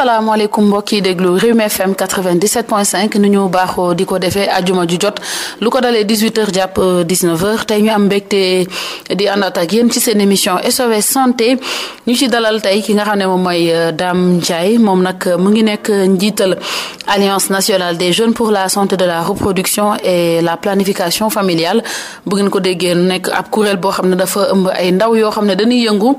salaamaaleykum mbokk yi déglu Rewmi FM 97.5 nu ñu baaxoo di ko defee ajuma ju jot lu ko dalee 18h jàpp 19h euh, tey ñu am mbégte di àndaat ak yéen ci seen émission SOS santé ñu ci dalal tey ki nga xam ne moom mooy euh, daam Ndiaye moom nag euh, mu ngi nekk njiital Alliance nationale des jeunes pour la santé de la reproduction et la planification familiale bu ngeen ko déggee nekk ab kuréel boo xam ne dafa ëmb ay ndaw yoo xam ne dañuy yëngu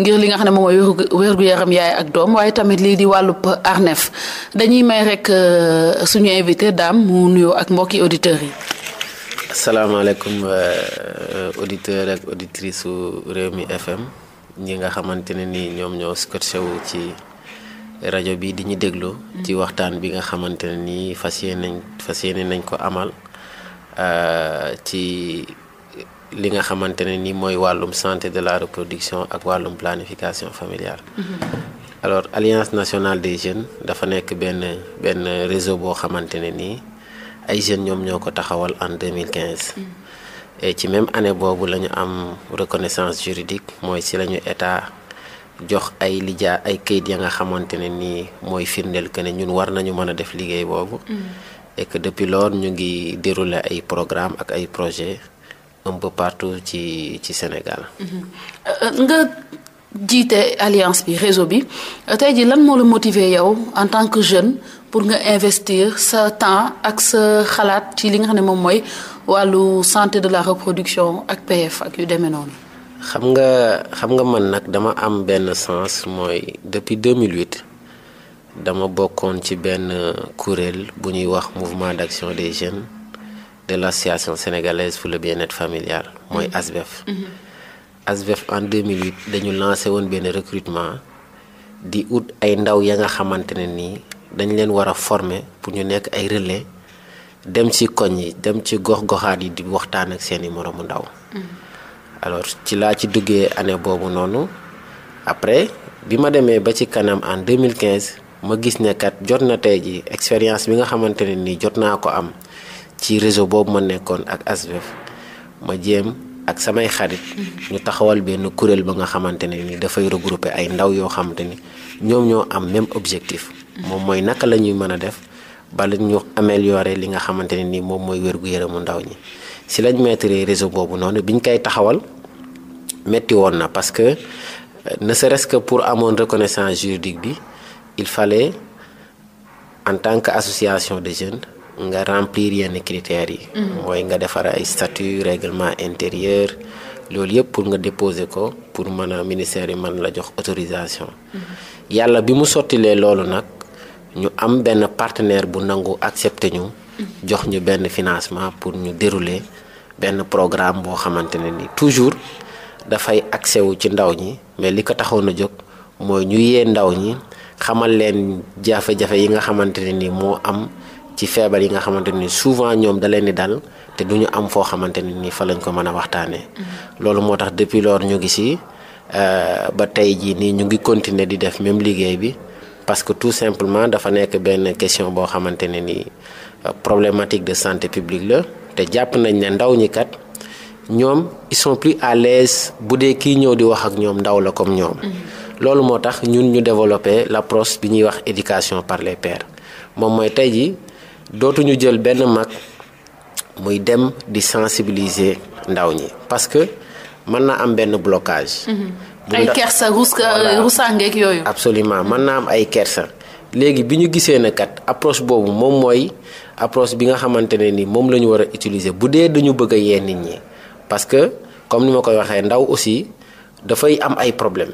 ngir li nga xam ne moom mooy wér yaay ak wàllub arnef dañuy may rek euh, suñu invité daam mu nuyoo ak mbokki auditeurs yi. asalaamaaleykum euh, euh, auditeurs ak auditrices su réew mi FM ñi nga xamante ne ni ñoom ñoo scotché wu ci. rajo bi di ñu déglu mm. ci waxtaan bi nga xamante ne nii fas yéene nañ fas yéene nañ ko amal ci li nga xamante ne nii mooy wàllum santé de la reproduction ak wàllum planification familiale. Mm-hmm. alors alliance nationale des jeunes dafa nekk benn benn réseau boo xamante ne nii ay jeunes ñoom ñoo ko taxawal en 2015. Mm. et ci même année boobu la ñu am reconnaissance juridique mooy si la ñu état jox ay lijaa ay kayit ya nga xamante ne nii mooy firndeel que ne ñun war nañu mën a def liggéey boobu. Mm. et que depuis ñu ngi dérouler ay programme ak ay projet un peu partout ci ci Sénégal. Mm-hmm. Euh, euh, jiite alliance bi réseau bi euh, tey ji lan moo la motiver yow en tant que jeune pour nga investir sa temps ak sa xalaat ci li nga xam ne moom mooy wàllu santé de la reproduction ak PF ak yu demee noonu. xam nga xam nga mën nag dama am benn sens mooy depuis deux mille 2008 dama bokkoon ci benn kuréel bu ñuy wax mouvement d'action des jeunes de l'association sénégalaise pour le bien-être mooy mm-hmm. ASBEF. Mm-hmm. ASVEF en 2008 dañu lancé woon benn recrutement di ut ay ndaw ya nga xamante ne nii dañ leen war a former pour ñu nekk ay relais dem ci koñ yi dem ci gox-goxaat yi di waxtaan ak seeni moroomu ndaw. Mm-hmm. alors ci laa ci duggee année boobu noonu après bi ma demee ba ci kanam en 2015 ma gis ne kat jot na tey ji expérience bi nga xamante ne nii jot naa ko am ci réseau boobu ma nekkoon ak ASVEF ma jéem. ak samay xarit ñu taxawal benn kuréel ba nga xamante ne ni dafay regrouper ay ndaw yoo xamante ni ñoom ñoo am même objectif moom mooy naka la ñuy mën a def bala ñu améliorer li nga xamante ne ni moom mooy wér-gu-yaramu ndaw ñi si lañ mettre réseau boobu noonu ñu koy taxawal metti woon na parce que euh, ne serait-ce pour amoon reconnaissance juridique bi il fallait en tant que association de jeunes nga remplir yenn critères yi. Mhm. mooy nga defar ay statut règlement intérieur loolu yëpp pour nga déposé ko pour mën a ministère yi man la jox autorisation. Mhm. yàlla bi mu sottilee loolu nag ñu am benn partenaire bu nangu accepté ñu. Mhm. jox ñu benn financement pour ñu dérouler benn programme boo xamante ne ni toujours dafay accès wu ci ndaw ñi mais li ko taxoon a jóg mooy ñu yee ndaw ñi xamal leen jafe-jafe yi nga xamante ne ni moo am. ci feebar yi nga xamante ni souvent ñoom da leen di dal te du ñu am foo xamante ne ni fa lañ ko mën a waxtaanee. Mm-hmm. loolu moo tax depuis lors ñu ngi si euh, ba tey jii nii ñu ngi continuer di def même liggéey bi parce que tout simplement dafa nekk benn question boo xamante ne ni euh, problématique de santé publique la te jàpp nañ ne ndaw ñi kat ñoom ils sont plus à l'aise bu dee kii ñëw di wax ak ñoom ndaw la comme ñoom. Mm-hmm. loolu moo tax ñun ñu développer l'approche bi ñuy wax éducation par les pairs moom mooy tey jii. dootuñu jël benn mag muy dem di sensibiliser ndaw ñi parce que mën na am benn blocage. Mhm. bu ay kersa euh, rusangeeg yooyu. absolument mën na am ay kersa léegi bi ñu gisee ne kat approche boobu moom mooy approche bi nga xamante ne ni moom la ñu war a utiliser bu dee dañu bëgg a yee nit ñi parce que comme ni ma koy waxee ndaw aussi dafay am ay problème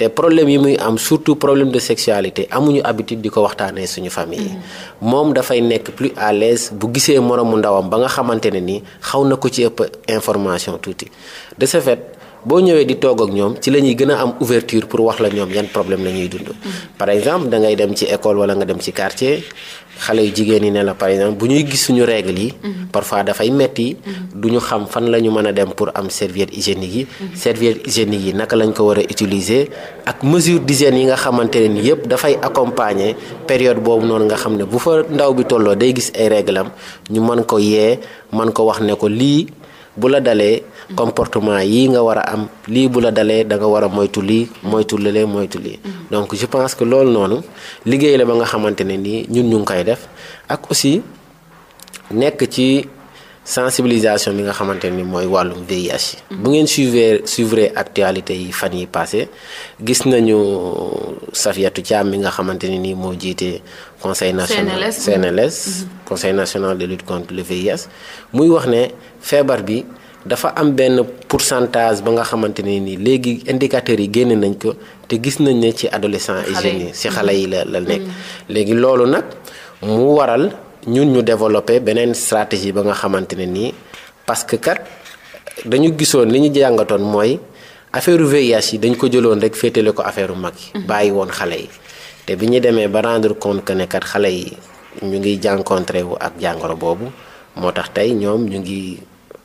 te problème yi muy am surtout problème de sexualité amuñu habitude di ko waxtaanee suñu famille yi moom dafay nekk plus à l'aise bu gisee moroomu ndawam ba nga xamante ne ni xaw na ko ci ëpp information tuuti de ce fait boo ñëwee di toog ak ñoom ci la ñuy gën a am ouverture pour wax la ñoom yan problème la ñuy dund mm-hmm. par exemple da dem ci école wala nga dem ci quartier xale yu jigéen yi ne la par exemple bu ñuy gis suñu règle yi. Mhm. parfois dafay metti mhm. du xam fan la ñu a dem pour am serviette hygiénique yi. Mhm. serviette hygiénique yi naka lañ ko war a utiliser ak mesure d'hygiène yi nga xamante ne ni yëpp dafay accompagner période boobu noonu nga xam ne bu fa ndaw bi tolloo day gis ay règle ñu mën ko yee mën ko wax ne ko lii. bu la dalee comportement yii nga war a am lii bu la dalee da nga war a moytu lii moytu lee moytu lii mm-hmm. donc je pense que loolu noonu liggéey la ba nga xamante ne nii ñun ñu ngi koy def ak aussi nekk ci sensibilisation bi nga xamante ni mooy wàllum VIH yi mm-hmm. bu ngeen suivre suivre actualité yi fan yi passé gis nañu Safiatou Thiam mi nga xamante ne nii moo jiitee conseil national CNLS mm-hmm. mm-hmm. conseil national de lutte contre le VIH muy wax ne feebar bi dafa am benn pourcentage ba nga xamante ne ni léegi indicateurs yi génn nañ ko te gis nañ ne ci adolescents et jeunes si xale yi la la mm-hmm. nekk léegi loolu nag mu waral ñun ñu développé beneen stratégie ba nga xamante ne nii parce que kat dañu gisoon li ñu jàngatoon mooy affaire VIH yi dañ ko jëloon rek féetale ko affaire mag yi bàyyi woon xale yi bi ñu demee ba rendre compte que ne kat xale yi ñu ngi jànkontre wu ak jàngoro boobu moo tax tey ñoom ñu ngi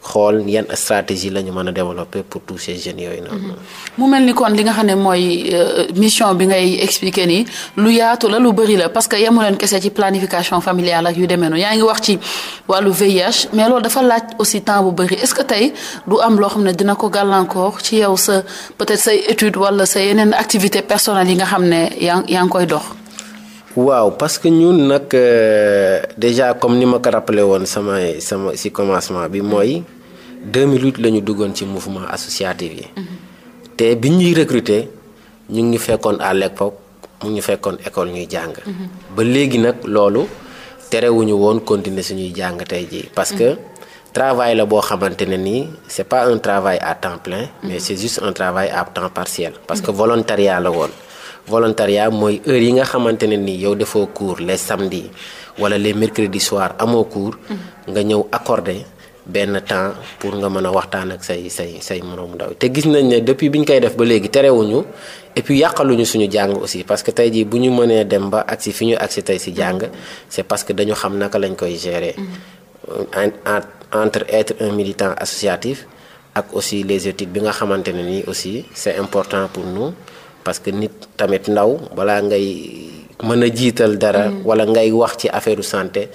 xool yan stratégie la ñu mën a développer pour tous ces jeunes yooyu noonu. Mhm. mu mel ni kon li nga xam ne mooy euh, mission bi ngay expliquer nii lu yaatu la lu bëri la parce que yemu leen kese ci planification familiale ak yu demee noonu yaa ngi wax ci wàllu VIH mais loolu dafa laaj aussi temps bu bëri est-ce que tey du am loo xam ne dina ko gàllankoor ci yow sa peut-être say étude wala sa yeneen activité personnelle yi nga xam ne yaa yaa ngi koy dox. waaw parce que ñun nag euh, déjà comme ni ma ko woon sama sama ci commencement bi mooy. 2008 la ñu duggoon ci mouvement associatif yi. te bi ñuy recruter ñu ngi fekkoon à l'époque mu ngi fekkoon école ñuy jàng. ba léegi nag loolu terewuñu woon continuer suñuy jàng tey jii. parce que travail la boo xamante ne nii c'est pas un travail à temps plein. mais c'est juste un travail à temps partiel. parce que volontariat la woon. volontariat mooy heure yi nga xamante ne nii yow defoo cours les samedis wala les mercredis soirs amoo cours. nga ñëw accordé benn temps pour nga mën a waxtaan ak say say say moroom ndaw te gis nañ ne depuis bi ñu koy def ba léegi terewuñu et puis yàqaluñu suñu jàng aussi parce que tey jii bu ñu mënee dem ba agsi fi ñu agsi tey si jàng c'est parce que dañu xam naka lañ koy gérer. Mm-hmm. entre être un militant associatif ak aussi les études bi nga xamante ne nii aussi c'est important pour nous parce que nit tamit ndaw balaa ngay mën a jiital dara. Mm-hmm. wala ngay wax ci affaire santé.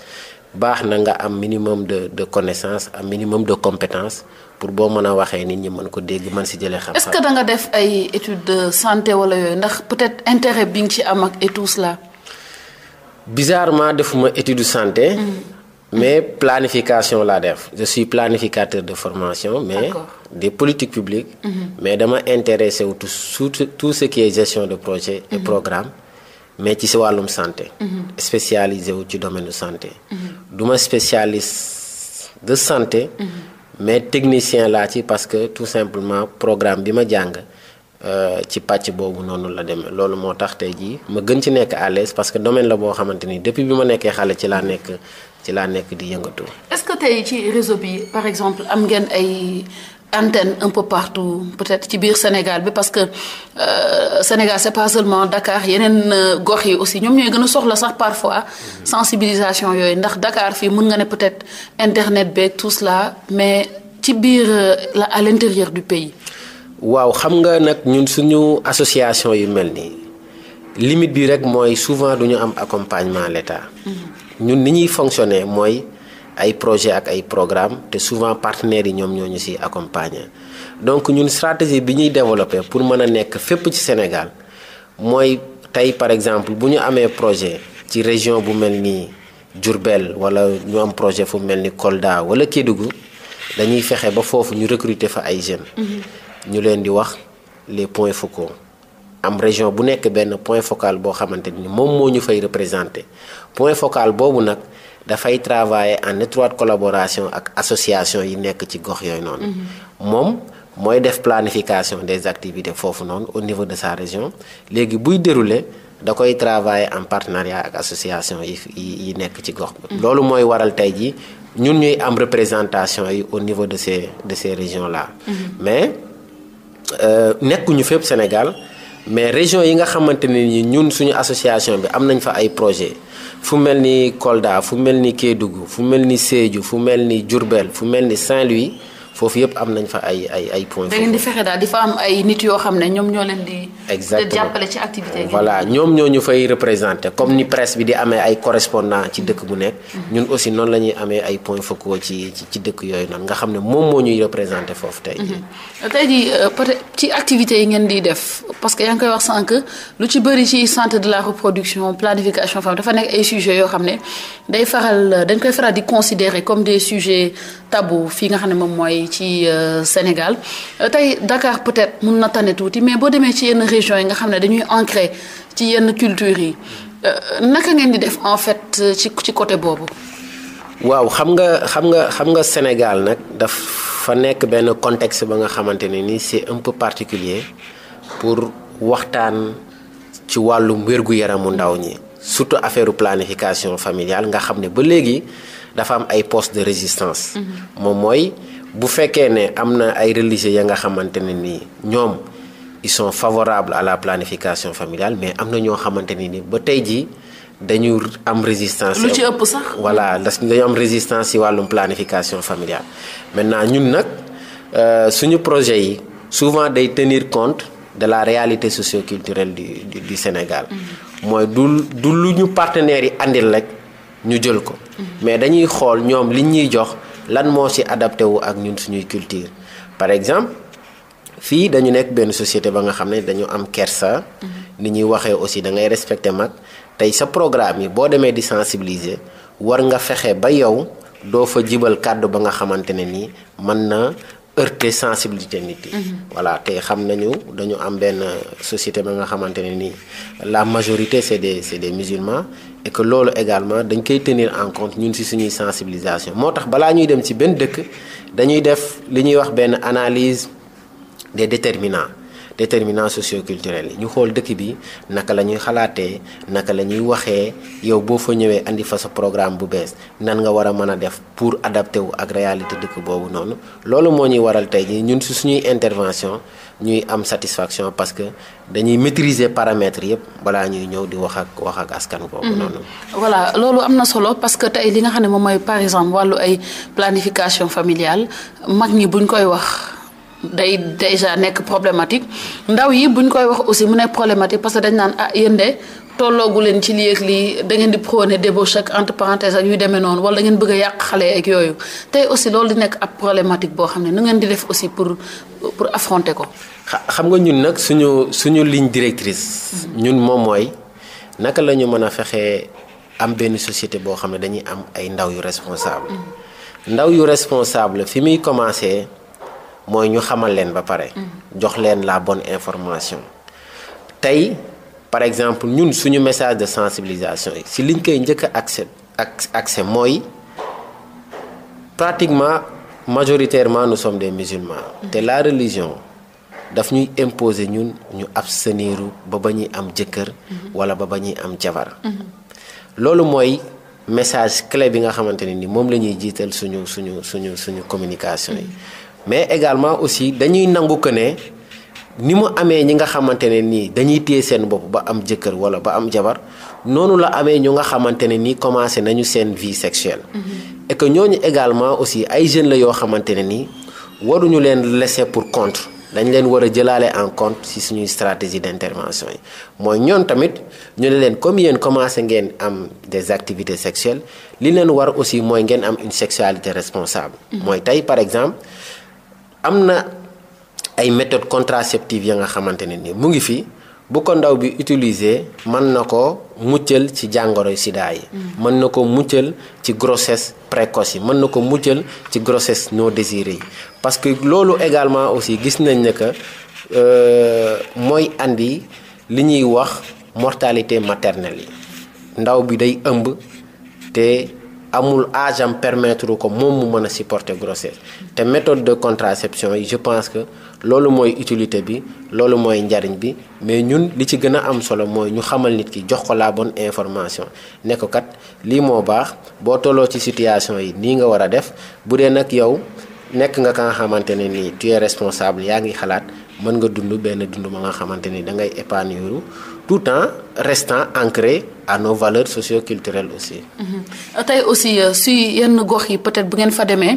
baax na nga am minimum de de connaissance am minimum de compétence pour boo mën a waxee nit ñi mën ko dégg mën si jëlee xam-xam. da nga def ay études de santé wala ndax peut-être intérêt bi nga ci am ak et tout cela. bizarrement defuma étude de santé. Mm. mais planification laa def je suis planificateur de formation mais des politiques publiques mm-hmm. mais dama intéressé wu tout tout ce qui est gestion de projet et mm-hmm. programme mais ci si wàllum santé. Mhm. spécialisé wu ci domaine santé. du ma spécialiste de santé. Mhm. mais technicien laa ci parce que tout simplement programme bi ma jàng euh, ci pàcc boobu noonu la demee loolu moo tax tey jii ma gën ci nekk à l'aise parce que domaine la boo xamante ni depuis bi ma nekkee xale ci laa nekk ci laa nekk di yëngatu. est-ce que tey ci réseau bi par exemple am ngeen ay. antenne un peu partout peut-être ci biir Sénégal bi parce que euh, Sénégal c'est pas seulement Dakar yeneen euh, gox yi aussi ñoom ñooy gën a soxla sax parfois sensibilisation yooyu ndax dakaar fii mun nga ne peut-être internet beeg tous la mais ci biir euh, la à l'intérieur du pays. waaw xam nga nag ñun suñu association yu mel nii limite bi rek mooy souvent du ñu am accompagnement l'État. Mm-hmm. ñun ni ñuy fonctionner mooy. ay projet ak ay programme te souvent partenaires yi ñoom ñoo ñu si accompagner donc ñun stratégie bi ñuy développer pour mën a nekk fépp ci Sénégal mooy tey par exemple bu ñu amee projet ci région bu mel ni Diourbel wala ñu am projet fu mel ni Kolda wala Kédougou dañuy fexe ba foofu ñu recruter fa ay jeunes. Mm-hmm. ñu leen di wax les points focaux. am région bu nekk benn point focal boo xamante ni moom moo ñu fay représenté point focal boobu nag. dafay travailler en étroite collaboration ak association yi nekk ci gox yooyu noonu. moom mooy def planification des activités foofu noonu au niveau de sa région léegi buy dérouler da koy travailler en partenariat ak association yi yi nekk ci gox bi. Mm-hmm. loolu mooy waral tey jii ñun ñuy am représentation yi au niveau de ces de ces régions là. Mm-hmm. mais euh, nekkuñu fépp Sénégal mais région yi nga xamante ne ni ñun suñu association bi am nañ fa ay projet fu mel ni Kolda fu mel ni Kédougou fu mel ni Sédhiou fu mel ni Diourbel fu mel ni Saint-Louis foofu yëpp am nañ fa ay ay ay points. da ngeen fexe daal di fa am ay nit yoo xam ne ñoom ñoo leen di. exactement jàppale ci activité voilà ñoom ñoo ñu fay représenté comme ni presse bi di amee ay correspondant ci dëkk bu nekk. Mhm. ñun aussi noonu la ñuy amee ay points focaux ci ci dëkk yooyu noonu nga xam ne moom moo ñuy représenté foofu tey. Mhm. tey jii euh, ci activités yi ngeen di def parce que yaa ngi koy wax sànq lu ci bëri ci centre de la reproduction planification femme dafa nekk ay sujets yoo xam ne day faral dañ koy faral di considérer comme des sujets tabous fii nga xam ne moom mooy yi ci euh, Sénégal euh, tey Dakar peut-être mun na tane tuuti mais boo demee ci yenn région yi nga xam ne dañuy ancré ci yenn culture yi euh, naka ngeen di def en fait ci ci côté boobu. waaw xam nga xam nga xam nga Sénégal nag dafa nekk benn contexte ba nga xamante ne ni c'est un peu particulier pour waxtaan ci wàllum wér-gu-yaramu ndaw ñi. surtout affaire planification familiale nga xam ne ba léegi dafa am ay postes de résistance. Mm-hmm. moom mooy. bu fekkee ne am na ay religieux ya nga xamante ne nii ñoom ils favorable favorables à la planification familiale mais am na ñoo xamante ni nii ba tey jii dañu am résistance. lu ci ëpp sax. voilà dañu am résistance ci wàllum planification familiale maintenant ñun nag euh, suñu projet yi souvent day tenir compte de la réalité socioculturelle du du, du Sénégal. Mm-hmm. mooy du du lu ñu partenaires yi àndil rek ñu jël ko. Mm-hmm. mais dañuy xool ñoom liñ ñuy jox. lan moo si adapté wu ak ñun suñuy culture par exemple fii dañu nekk benn société ba nga xam ne dañu am kersa. Mhm. ni ñuy waxee aussi da ngay respecté mag tey sa programme yi boo demee di sensibiliser war nga fexe ba yow doo fa jibal kàddu ba nga xamante ne nii mën na heurter sensibilité nit yi. Mhm. voilà tey xam nañu dañu am benn société ba nga xamante ne nii la majorité c'est des c'est des musulmans. et que loolu également dañ koy tenir en compte ñun ci suñuy sensibilisation moo tax balaa ñuy dem ci benn dëkk dañuy def li ñuy wax benn analyse des déterminants déterminants socioculturels yi ñu xool dëkk bi naka la ñuy xalaatee naka la ñuy waxee yow boo fa ñëwee indi fa sa programme bu bees nan nga war a mën a def pour adapté wu ak réalité dëkk boobu noonu loolu moo ñuy waral tey jii ñun si suñuy intervention ñuy am satisfaction parce que dañuy maîtriser paramètres yëpp balaa ñuy ñëw di wax ak wax ak askan boobu mhm. noonu. voilà loolu am na solo parce tey li nga xam ne moom mooy par exemple wàllu ay planification familial mag ñi buñ koy wax. day déjà nekk problématique ndaw yi ñu koy wax aussi mu nekk problématique parce que dañ naan ah yéen de tolloogu leen ci lii ak lii da ngeen di prôné débauche ak entre parenthèse ak yu demee noonu wala da ngeen bëgg a yàq xale ak yooyu tey aussi loolu di nekk ab problématique boo xam ne nu ngeen di def aussi pour pour affronter ko. xam nga ñun nag suñu suñu ligne directrice. Mm-hmm. ñun moom mooy naka la ñu mën a fexee am benn société boo xam ne dañuy am ay ndaw yu responsable. Mm-hmm. ndaw yu responsable fi muy commencé. mooy ñu xamal leen ba pare. Mm-hmm. jox leen la bonne information. tey par exemple ñun suñu message de sensibilisation yi si liñ koy njëkk a accès ak accès mooy pratiquement majoritairement nous sommes des musulmans. Mm-hmm. te la religion daf ñuy imposer ñun ñu absteniru ba ba ñuy am jëkkër. Mm-hmm. wala ba ba ñuy am jabar. loolu mooy message clé bi nga xamante ne ni moom la ñuy jiital suñu suñu suñu suñu communication yi. mais également aussi dañuy nangu que ne ni mu amee ñi nga xamante ne nii dañuy téye seen bopp ba am jëkkër wala ba am jabar noonu la amee ñu nga xamante ne nii commencé nañu seen vie sexuelle. Mm-hmm. et que ñooñu également aussi ay jeunes la yoo xamante ne nii waruñu leen laisser pour compte dañu leen war a jëlaale en compte si suñuy stratégie d' intervention yi mooy ñoon tamit ñu ne leen comme yéen commencé ngeen am des activités sexuelles li leen war aussi mooy ngeen am une sexualité responsable. Mm-hmm. mooy tey par exemple. am na ay méthodes contraceptives ya nga xamante ne ni mu ngi fi bu ko ndaw bi utiliser mën na ko muccal ci jàngoro sidaa yi. Mm. mën na ko muccal ci grossesse précoce yi mën na ko muccal ci grossesse non désirée yi parce que loolu également aussi gis nañ ne que euh, mooy indi li ñuy wax mortalité maternelle yi ndaw bi day ëmb te. amul âge am permettre ko moom mu mën a supporter grossesse te méthode de contraception yi je pense que loolu mooy utilité bi loolu mooy njariñ bi mais ñun li ci gën a am solo mooy ñu xamal nit ki jox ko la bon information ne ko kat lii moo baax boo tolloo ci situation yi nii nga war a def bu dee nag yow nekk nga ka nga xamante ne nii tu es responsable yaa ngi xalaat mën nga dund benn dund ma nga xamante ni da ngay épanouir tout en restant ancré à nos valeurs socio-culturelles aussi. Mhm. tey aussi euh, si yenn gox yi peut-être bu ngeen fa demee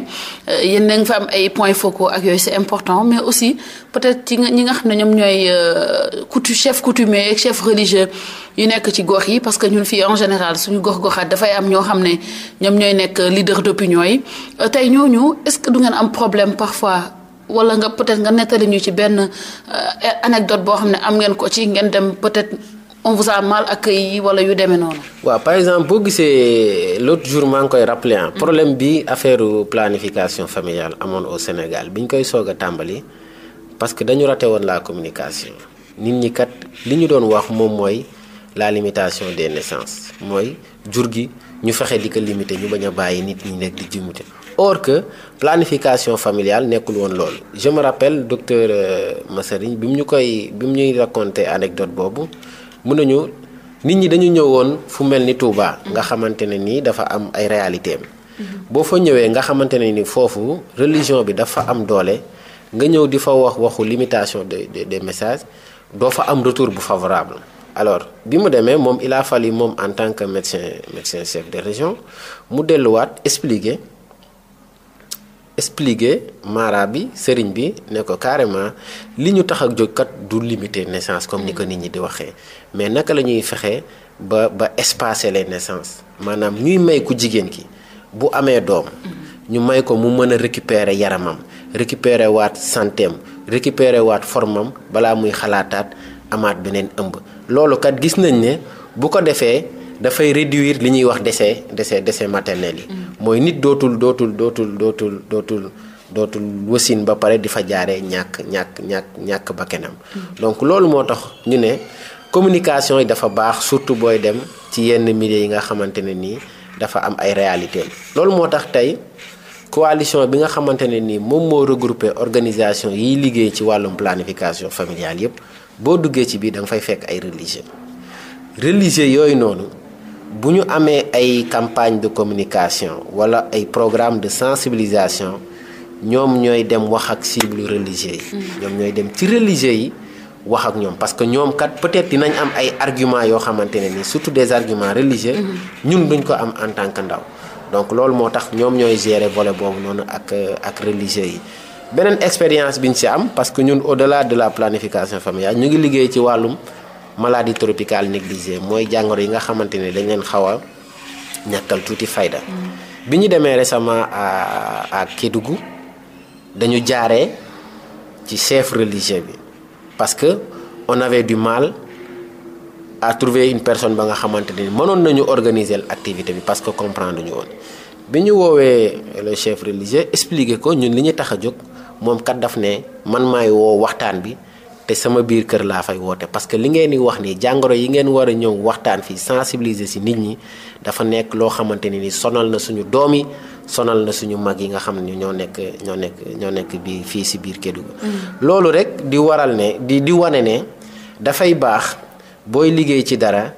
euh, yéen da nga fa am ay points focaux ak yooyu c'est important mais aussi peut-être ci ñi nga xam ne ñoom ñooy euh, coutu chef coutumier ak chef religieux yu nekk ci gox yi parce que ñun fii en général suñu gox-goxaat dafay am ñoo xam ne ñoom ñooy nekk leader d'opinion yi tey ñooñu est-ce que du ngeen am problème parfois. wala nga peut-être nga nettali ñu ci benn euh, anecdote boo xam ne am ngeen ko ci ngeen dem peut-être on vous a mal accueilli wala yu demee noonu. waa par exemple boo gisee l'autre jour maa ngi koy rappelé problème bi affaire planification familiale amoon au Sénégal bi ñu koy soog a tàmbali parce que dañu rate woon la communication nit ñi kat li ñu doon wax moom mooy la limitation des naissances mooy jur gi ñu fexe di ko limiter ñu bañ a bàyyi nit ñi nekk di jimuti or que planification familiale nekkul woon loolu je me rappelle docteur euh, Massarigne bi mu ñu koy bi mu ñuy raconter anecdote boobu mun ñu nit ñi dañu woon fu mel ni Touba nga xamante ne nii dafa am ay réalité boo fa ñëwee nga xamante ne ni foofu religion bi dafa am doole nga ñëw di fa wax waxu limitation de des message doo fa am retour bu favorable alors bi mu demee moom il a yi moom en tant que médecin médecin chef de région mu delluwaat expliquer expliquer maara bi sëriñ bi ne ko carrément li ñu tax ak jóg du limiter naissance comme ni ko nit ñi di waxee mais naka la ñuy fexe ba ba espacer les naissances maanaam ñuy may ku jigéen ki bu amee doom ñu may ko mu mën a récupérer yaramam récupérer waat santeem récupérer waat formam balaa muy xalaataat amaat beneen ëmb loolu kat gis nañ ne bu ko defee dafay réduire li ñuy wax décès décès décès maternel yi mooy nit dootul dootul dootul dootul dootul dootul wasin ba pare di fa jaaree ñàkk ñàkk ñàkk ñàkk bakkanam mm-hmm. donc loolu moo tax ñu ne communication yi dafa baax surtout booy dem ci yenn milieu yi nga xamante ne nii dafa am ay réalité loolu moo tax tey coalition bi nga xamante ne nii moom moo regroupé organisation yiy liggéey ci wàllum planification familiale yépp boo duggee ci biir da nga fay fekk ay religieux religieux yooyu noonu bu ñu amee ay campagne de communication wala ay programme de sensibilisation ñoom ñooy dem wax ak cible religieux yi mm. ñoom ñooy dem ci religieux yi wax ak ñoom parce que ñoom kat peut-être dinañ am ay arguments yoo xamante ne ni surtout des arguments religieux mm-hmm. ñun duñ ko am en tant que ndaw donc loolu moo tax ñoom ñooy gérer volet boobu noonu ak ak religieux yi beneen expérience bi ñu si am parce que ñun au la de la planification familiale ñu ngi liggéey ci wàllum maladie tropicale négliser mooy jàngoro yi nga xamante ne dañ leen xaw a ñàkkal tuuti fayda. Mm. bi ñu demee récemment à à Kédougou dañu jaaree ci chef religieux bi parce que on du mal à trouver une personne ba nga xamante ne mënoon nañu organiser activité bi parce que comprendre ñu woon. bi ñu woowee le chef religieux expliquer ko ñun li ñu tax a jóg moom kat daf ne man maay woo waxtaan bi. te sama biir kër laa fay woote parce que li ngeen di wax nii jàngoro yi ngeen war a ñëw waxtaan fii sensibiliser si nit ñi dafa nekk loo xamante ni ni sonal na suñu doom yi sonal na suñu mag yi nga xam ne ñoo nekk ñoo nekk ñoo nekk bi fii si biir Kédougou mm. loolu rek di waral ne di di wane ne dafay baax booy liggéey ci dara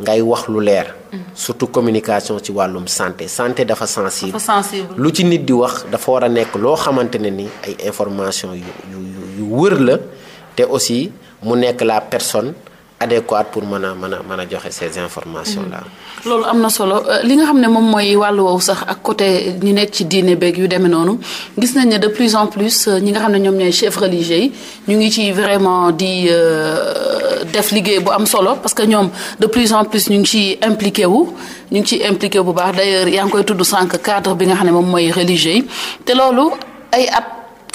ngay wax lu leer mm. surtout communication ci wàllum santé santé dafa sensible lu ci nit di wax dafa war a nekk loo xamante ne ni ay information yu wër la te aussi mu nekk la personne adéquate pour mën a mën a mën a joxe ces informations là. Mmh. loolu am na solo euh, li nga xam ne moom mooy wàllu woowu sax ak côté ñu nekk ci diine beeg yu demee noonu gis nañ ne de plus en plus euh, ñi nga xam ne ñoom ñooy chef religieux yi ñu ngi ci vraiment di euh, def liggéey bu am solo parce que ñoom de plus en plus ñu ngi ciy impliqué wu. ñu ngi ciy impliqué bu baax d'ailleurs yaa ngi koy tudd sànq cadre bi nga xam ne moom mooy religieux yi te loolu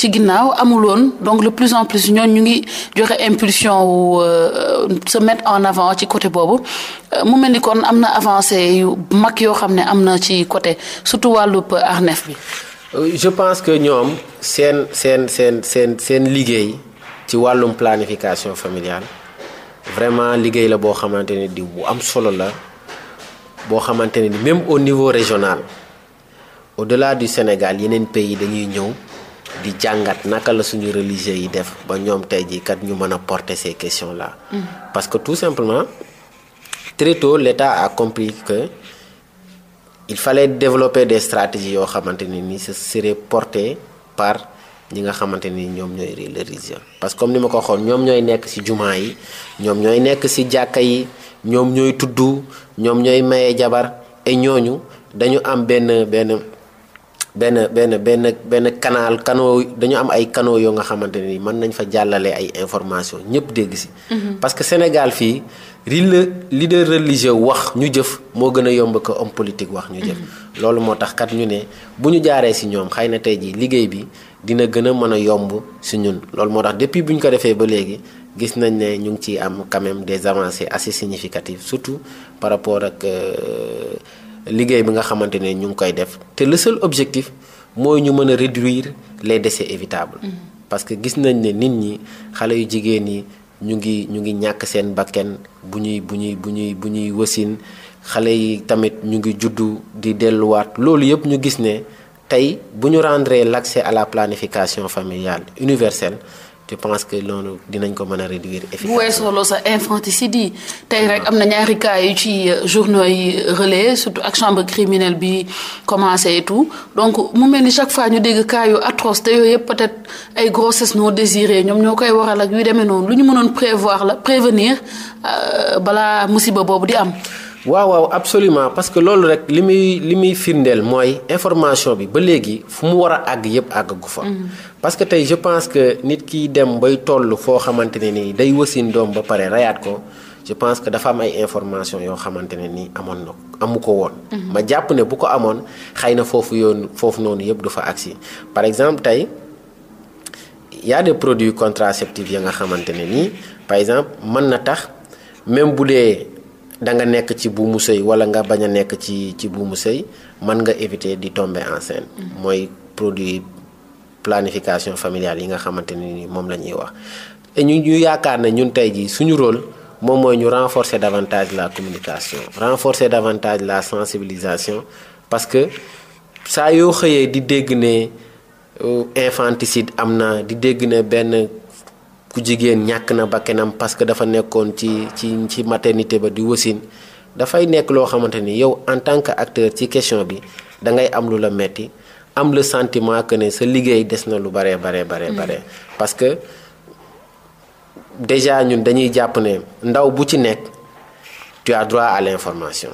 ci ginnaaw amuloon donc le plus en plus ñoon ñu ngi joxe impulsion wu euh, se en avant ci côté boobu euh, mu mel ni kon am na avancée yu mag yoo xam ne am na ci côté surtout wàllub arnef bi. Euh, je pense que ñoom seen seen seen seen seen liggéey ci wàllum planification familiale vraiment liggéey la boo xamante ne di bu am solo la boo xamante ni ni même au niveau régional au-delà du Sénégal yeneen pays dañuy ñëw. di jàngat naka la suñu religieux yi def ba ñoom tey jii kat ñu mën a porter ces question là. Mm. parce que tout simplement très tôt l'État a compris que il fallait développer des stratégies yoo xamante ni ce serait porté par ñi nga xamante ni ñoom ñooy religieux parce que comme ni ma ko waxoon ñoom ñooy nekk ci jumaa yi ñoom ñooy nekk ci jàkka yi ñoom ñooy tudd ñoom ñooy maye jabar et ñooñu dañu am benn benn. benn benn benn benn kanaal canaux dañu am ay canaux yoo nga xamante ne nii mën nañ fa jàllale ay information ñëpp dégg si. Mhm. parce que Sénégal fii le leader religieux wax ñu jëf moo gën a yomb ko homme politique wax ñu jëf. Mhm. loolu moo tax kat ñu ne bu ñu jaaree si ñoom xëy na tey jii liggéey bi dina gën a mën a yomb si ñun loolu moo tax depuis bu ñu ko defee ba léegi. gis nañ ne ñu ngi ciy am quand des avancées assez significatives surtout par rapport ak euh, liggéey bi nga xamante ne ñu ngi koy def te le seul objectif mooy ñu mën a réduire les décès évitables. Mm-hmm. parce que gis nañ ne nit ñi xale yu jigéen yi ñu ngi ñu ngi ñàkk seen bakken bu ñuy bu ñuy bu ñuy bu ñuy wasin xale yi tamit ñu ngi juddu di delluwaat loolu yëpp ñu gis ne tey bu ñu rendre l'accès à la planification familiale universelle. je pense que loolu dinañ ko mën a réduire. effectivement bu weesoo loolu sa rek am na ñaari cas yu ci euh, journaux yi relais surtout ak chambre criminelle bi commencé et donc mu mel ni chaque fois ñu dégg cas yu atroce te yëpp peut-être ay grossesse non désirée ñoom ñoo koy waral ak yu demee noonu lu ñu mënoon prévoir la prévenir euh, balaa musiba boobu di am. waaw waaw absolument parce que loolu rek li muy li muy firndeel mooy information bi ba léegi fu mu war a àgg yëpp àgg gu fa. Mm-hmm. parce que tey je pense que nit kiy dem bay toll foo xamante ne nii day wasin doom ba pare rayaat ko je pense que dafa am ay information yoo xamante ne nii amoon na amu ko woon. Mhm. ma jàpp ne bu ko amoon xëy na foofu yoon foofu noonu yëpp du fa agsi par exemple tey y a des produits contraceptifs ya nga xamante ne nii par exemple mën na tax même bu dee da nga nekk ci buumu sëy wala nga bañ a nekk ci ci buumu sëy mën nga éviter di tomber enceinte. Mhm. mooy produits planification familiale yi nga xamante ni moom la ñuy wax ñu ñu yaakaar na ñun tey jii suñu rôle moom mooy ñu renforcer davantage la communication renforcer davantage la sensibilisation parce que saa yoo xëyee di dégg ne euh, infanticide am na di dégg ne benn ku jigéen ñàkk na bakkanam parce que dafa nekkoon ci ci ci maternité ba di wasine dafay nekk loo xamante ni yow en tant que acteur ci question bi dangay am lu la metti am le sentiment que ne sa liggéey des na lu baree baree baree mm. baree parce que déjà ñun dañuy jàpp ne ndaw bu ci nekk tu as droit à l'information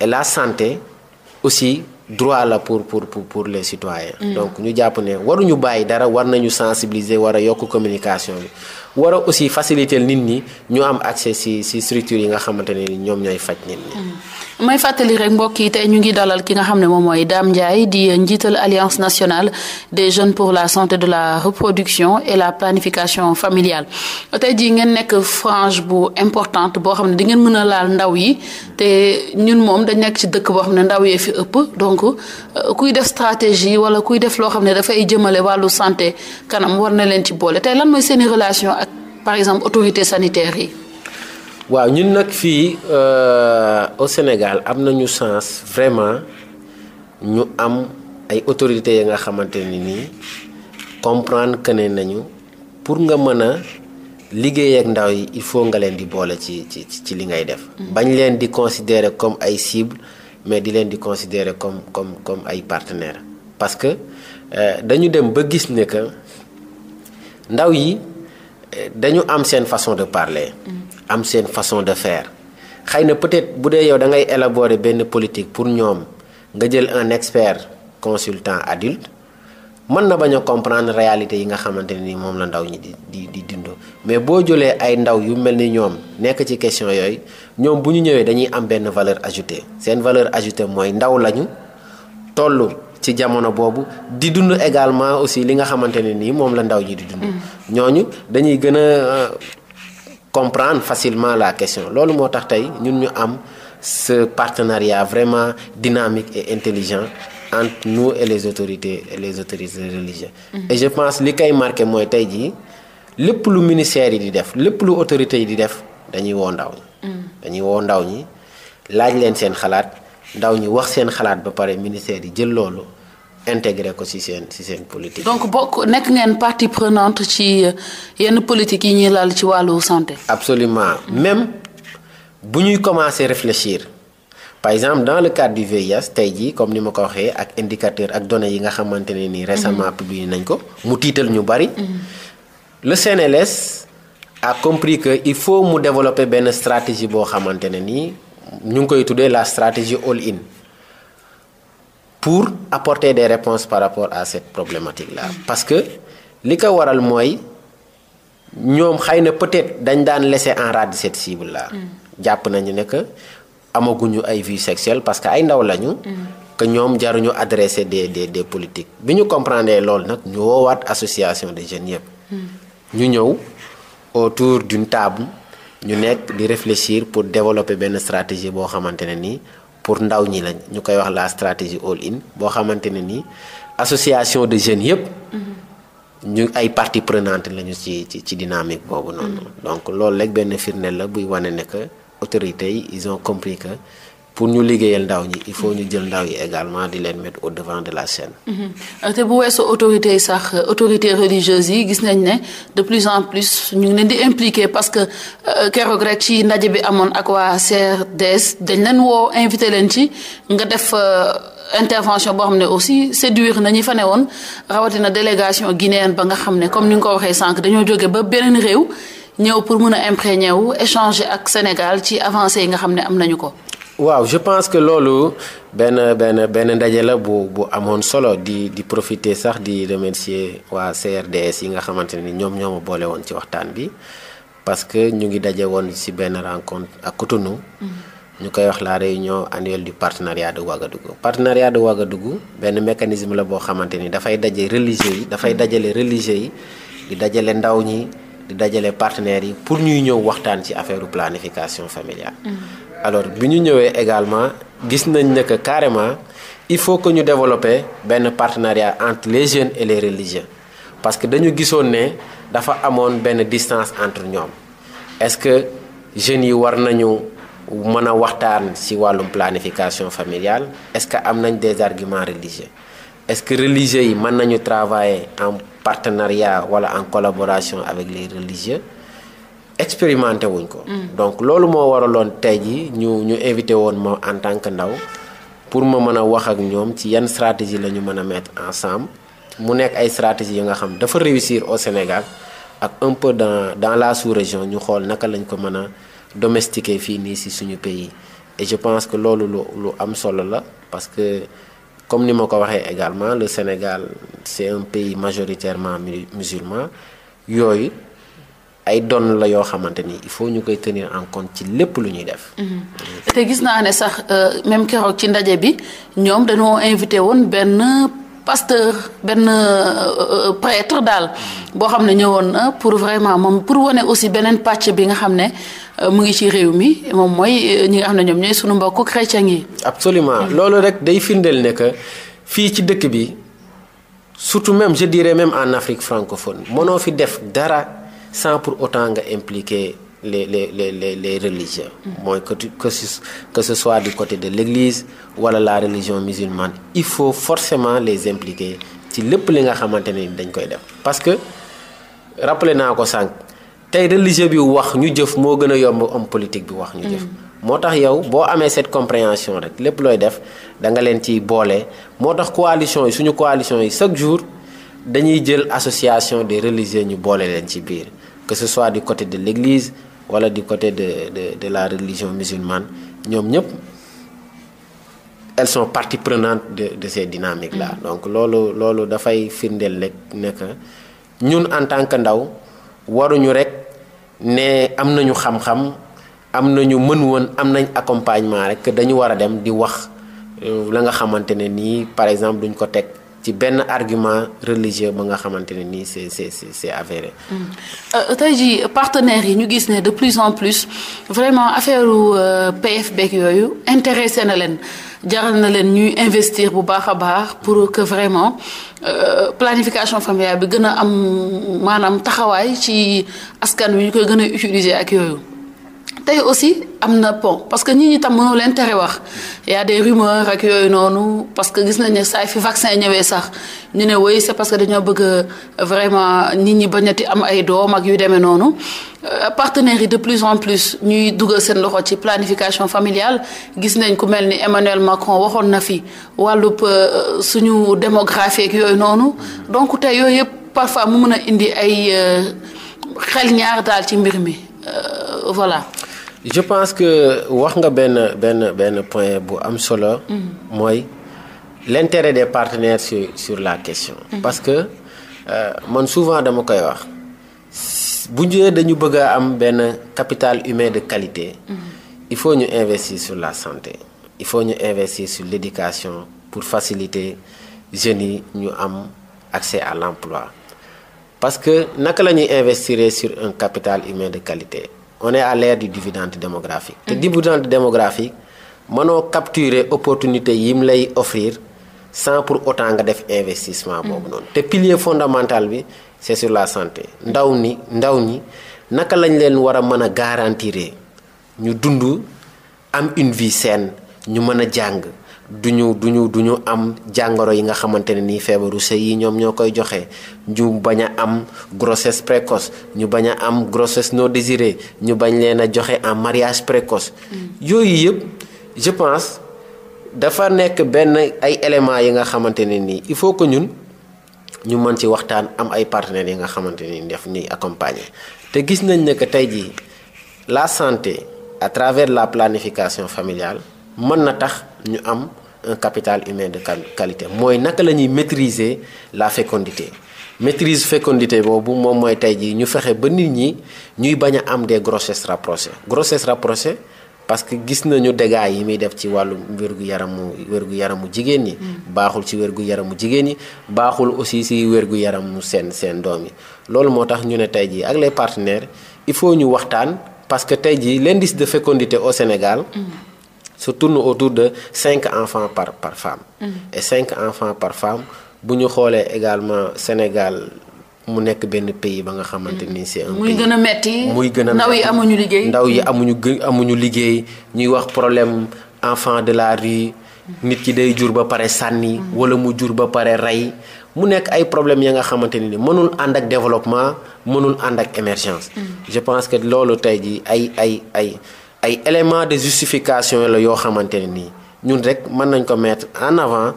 et la santé aussi droit la pour pour pour, pour les citoyens. Mm. donc ñu jàpp ne waruñu bàyyi dara war nañu sensibiliser war a yokk communication bi war aussi faciliter nit ñi ñoo am accès si ci structure yi nga xamante ne ñoom ñooy faj nit ñi. Mm. may fàttali rek mbokk yi tey ñu ngi dalal ki nga xam ne moom mooy daam Ndiaye di njiital alliance nationale des jeunes pour la santé de la reproduction et la planification familiale tey jii ngeen nekk frange bu importante boo xam ne di ngeen mën a laal ndaw yi te ñun moom dañ nekk ci dëkk boo xam ne ndaw yee fi ëpp donc euh, kuy def stratégie wala kuy def loo xam ne dafay jëmale wàllu santé kanam war na leen ci boole tey lan mooy seeni relation ak par exemple autorité sanitaire yi. waaw ñun nag fii euh, au Sénégal am nañu sens vraiment ñu am ay autorités yi nga xamante ni nii comprendre que ne nañu pour nga mën a liggéey ndaw yi il faut nga leen di boole ci ci ci li ngay def. Mm-hmm. bañ leen di considérer comme ay cible mais di leen di considérer comme comme comme ay partenaires parce que euh, dañu dem ba gis ne que ndaw yi. dañu am seen façon de parler. am seen façon de faire xëy na peut-être bu dee yow da ngay élaborer benn politique pour ñoom nga jël en expert consultant adulte mën na bañ a comprendre réalité yi nga xamante ne ni moom la ndaw ñi di di di dund mais boo jëlee ay ndaw yu mel ni ñoom nekk ci question yooyu ñoom bu ñu ñëwee dañuy am benn valeur ajoutée seen valeur ajoutée mooy ndaw lañu toll. ci jamono boobu di dund également aussi li nga xamante ne nii moom la ndaw ji di dund. ñooñu dañuy gën a euh, comprendre facilement la question loolu moo tax tey ñun ñu am ce partenariat vraiment dynamique et intelligent entre nous et les autorités et les autorités religieuses. Mm-hmm. et je pense li koy marqué mooy tey jii lépp lu ministère yi di def lépp lu autorités yi di def dañuy woo ndaw ñi. Mm. dañuy woo ndaw ñi laaj leen seen xalaat. ndaw ñi wax seen xalaat ba pare ministère yi jël loolu intégré ko ci seen ci seen politique. donc bokk nekk ngeen partie prenante ci euh, yenn politique yi ñuy laal ci wàllu santé. absolument même bu ñuy commencer réfléchir par exemple dans le cadre du VIH tey jii comme ni ma ko waxee ak indicateur ak données yi nga xamante ne nii. récemment mhm. publié nañ ko mu tiital ñu bari. Mhm. le CNLS a compris que il faut mu développer benn stratégie boo xamante ne nii. ñu ngi koy tuddee la stratégie all in pour apporter des réponses par rapport à cette problématique la parce que li ko waral mooy ñoom xëy na peut-être dañ daan laisser en rade cette cible là mm. jàpp nañu ne que amaguñu ay vie sexuelle parce que ay ndaw lañu mm. que ñoom jaruñu adresser des des des politiques bi ñu comprender loolu nag ñu woowaat association des jeunes yëpp mm. ñu ñëw autour d'une table ñu nekk di réfléchir pour développer benn stratégie boo xamante ne nii pour ndaw ñi lañ ñu koy wax la stratégie all in boo xamante ne nii association de jeunes yëpp. Mm-hmm. ñu ay parties prenantes lañu ci ci ci dynamique boobu noonu. Mm-hmm. donc loolu rek benn firndeel la buy wane ne que autorités yi ils ont compris que. pour ñu liggéeyal ndaw ñi il faut ñu jël ndaw yi également di leen mettre au devant de la scène. Mm-hmm. te bu weesoo autorités sax autorités religieuses yi gis nañ ne de plus en plus ñu ngi leen di impliqué parce que euh, keroog rek ci ndaje bi amoon ak waa CRDS dañ leen woo invité leen ci nga def. Euh, intervention boo xam ne aussi séduire na ñi fa ne woon rawatina délégation guinéenne ba nga xam ne comme ni nga ko waxee sànq dañoo jóge ba beneen réew ñëw pour mën a imprégné wu échanger ak Sénégal ci avancé yi nga xam ne am nañu ko. waaw je pense que loolu benn benn benn ndaje la bu bu amoon solo di di profiter sax di remercier waa CRDS yi nga xamante ni ñoom ñoo boole woon ci waxtaan bi parce que ñu ngi daje woon ci benn rencontre ak Cotonou. Mm-hmm. ñu koy wax la ñoo annuelle du partenariat de Ouagadougou. partenariat de Ouagadougou benn mécanisme la boo xamante ni dafay daje religieux yi dafay mm-hmm. dajale religieux yi di dajale ndaw ñi di dajale partenaires yi pour ñuy ñëw waxtaan ci affaire planification familiale. Mm-hmm. alors bi ñu ñëwee également gis nañ ne que carrément il faut que ñu développer benn partenariat entre les jeunes et les religieux parce que dañu gisoon ne dafa amoon benn distance entre ñoom est-ce que jeunes yi war nañu mën a waxtaan ci wàllum planification familiale est-ce que am nañ des arguments religieux est-ce que religieux yi mën nañu travailler en partenariat wala en collaboration avec les religieux expérimenté wuñ ko. Mm. donc loolu moo waraloon tey ji ñu ñu invité woon ma en tant que ndaw pour ma mën a wax ak ñoom ci yan stratégie la ñu mën a mettre ensemble mu nekk ay stratégie yi nga xam dafa réussir au Sénégal ak un peu dans la sous-région ñu xool naka lañ ko mën a domestiquer fii nii si suñu pays et je pense que loolu lu lu am solo la parce que comme ni ma ko waxee également le Sénégal c'est un pays majoritairement musulman yooyu. ay don la yoo xamante ni il faut ñu koy tenir en compte ci lépp lu ñuy def. Mhm. te gis naa ne sax euh, même keroog ci ndaje bi ñoom dañoo invité woon benn. pasteur benn euh, euh, prêtre daal boo xam ne ñëwoon na pour vraiment moom pour wane aussi beneen pàcc bi nga xam ne mu ngi ci réew mi moom mooy ñu nga xam ne ñoom ñooy sunu mbokku chrétien yi. absolument loolu rek day firndeel ne fii ci dëkk bi surtout même je dirais même en Afrique francophone mënoo fi def sans pour autant nga impliquer les les les les les religieux. mooy que que ce que ce soit du côté de l'église wala la religion musulmane il faut forcément les impliquer ci lépp li nga xamante ne dañ koy def parce que rappelé naa ko sànq tey religieux bi wax ñu jëf moo gën a yomb homme politique bi wax ñu jëf. Mm. moo tax yow boo amee cette compréhension rek lépp looy def da nga leen ciy boole moo tax coalition yi suñu coalition yi chaque jour dañuy jël association de religieux ñu boole leen ci biir. que ce soit du côté de l'église wala du côté de de de la religion musulmane ñoom ñëpp elles sont partie prenante de de ces dynamiques la mm. donc loolu loolu dafay firndeel rek nekk ñun en tant que ndaw waruñu rek ne am nañu xam-xam am nañu mën woon am nañ accompagnement rek que dañu war a dem di wax euh, la nga xamante ne nii par exemple duñ ko teg benn argument religieux ba nga xamante ne nii c'est c'est c'est avéré. Euh, tey jii partenaires yi ñu gis ne de plus en plus vraiment affaire euh, PFB yooyu intéressé na leen jaral na leen ñuy investir bu baax a baax pour que vraiment euh, planification familiale bi gën a am maanaam taxawaay ci askan wi ñu koy gën a utiliser ak yooyu. tey aussi am na pont parce que ñi ñi tam mënoo leen tere wax y a des rumeurs ak yooyu noonu parce que gis nañ ne saa fi vaccin ñëwee sax ñu ne woy c'est parce que dañoo bëgg euh, vraiment nit ñi bañati am ay doom ak yu demee noonu euh, partenaires yi de plus en plus ñuy dugal seen loxo ci planification familial gis nañ ku mel ni Emmanuel Macron waxoon na fi wàllub euh, suñu démographie ak yooyu noonu donc tey yooyu yëpp parfois mu mën a indi ay xel ñaar daal ci mbir mi voilà. je pense que wax nga benn benn benn point bu am solo. Mm-hmm. mooy l'intérêt des partenaires sur sur la question. Mm-hmm. parce que euh, man souvent dama koy wax bu ñëwee dañu bëgg a am benn capital humain de qualité. Mm-hmm. il faut ñu investir sur la santé. il faut ñu investir sur l'éducation pour faciliter jeunes yi ñu am accès à l'emploi parce que naka la ñuy investir sur un capital humain de qualité. on est à l'ère du dividende démographique. te dividende démographique mënoo capturer opportunité yi mu lay offrir sans pour autant nga def investissement boobu mm. noonu. te pilier fondamental bi c'est sur la santé ndaw ni ndaw ñi naka lañ leen war a mën a garantir ñu dund am une vie saine ñu mën a jàng. duñu duñu duñu am jàngoro yi nga xamante ne nii feebaru sëy yi ñoom ñoo koy joxe ñu bañ a am grossesse précoce ñu bañ a am grossesse non désirée ñu bañ leen a joxe en mariage précoce. Mm. yooyu yëpp je pense dafa nekk benn ay éléments yi nga xamante ne nii il faut que ñun ñu mën ci waxtaan am ay partenaires yi nga xamante ni def ñuy accompagner te gis nañ ne que tey jii la santé à travers la planification familiale. mën na tax ñu am un capital humain de qualité mooy naka la ñuy maîtriser la fécondité maîtrise fécondité boobu moom mooy tey jii ñu fexe ba nit ñi ñuy bañ a am des grossesses rapprochées grossesse rapprochée parce que gis nañu dégâts yi muy def ci wàllu wérgu yaramu wérgu mu jigéen ñi. Mm. baaxul ci wérgu yaramu jigéen ñi baaxul aussi ci wérgu mu seen seen doom yi loolu moo tax ñu ne tey jii ak les partenaires il faut ñu waxtaan parce que tey jii l'indice de fécondité au Sénégal. Mm. se tourne autour de cinq enfants par par femme. Mm-hmm. et cinq enfants par femme bu ñu xoolee également Sénégal. mu nekk benn pays ba nga xamante ni c'est un muy gën a metti muy gën a ndaw yi amuñu liggéey ndaw yi amuñu gën amuñu liggéey ñuy wax problème enfant de la rue nit ki day jur ba pare sànni mm-hmm. wala mu jur ba pare rey mu nekk ay problèmes ya nga xamante ni mënul ànd ak développement mënul ànd ak émergence mm-hmm. je pense que loolu tey ji ay ay ay ay éléments de justification la yoo xamante ne nii ñun rek mën nañ ko mettre en avant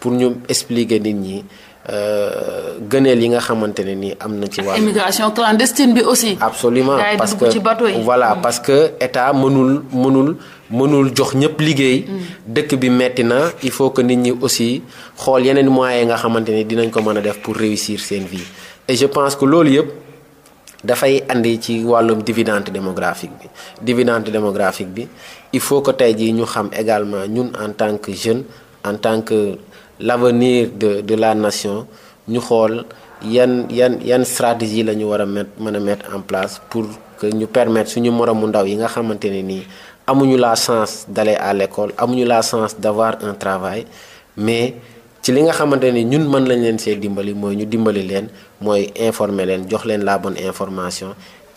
pour ñu expliquer nit ñi euh, gëneel yi nga xamante ne nii am na ci wàllu immigration clandestine bi aussi. absolument parce que voilà mm. parce que état mënul mënul mënul jox ñëpp liggéey. Mm. dëkk bi metti na il faut que nit ñi aussi xool yeneen moyens yi nga xamante ne dinañ ko mën a def pour réussir seen vie. et je pense que loolu yëpp. dafay andi ci wàllum dividende démographique bi dividende démographique bi il faut que tey jii ñu xam également ñun en tant que jeune en tant que l'avenir de de la nation ñu xool yan yan yan stratégie la ñu war a mettre mën a mettre en place pour que ñu permettre suñu moromu ndaw yi nga xamante ne nii amuñu la chance d'aller à l'école amuñu la chance d'avoir un travail mais ci li nga xamante ni ñun mën lañ leen see dimbali mooy ñu dimbali leen mooy informer leen jox leen la bonne information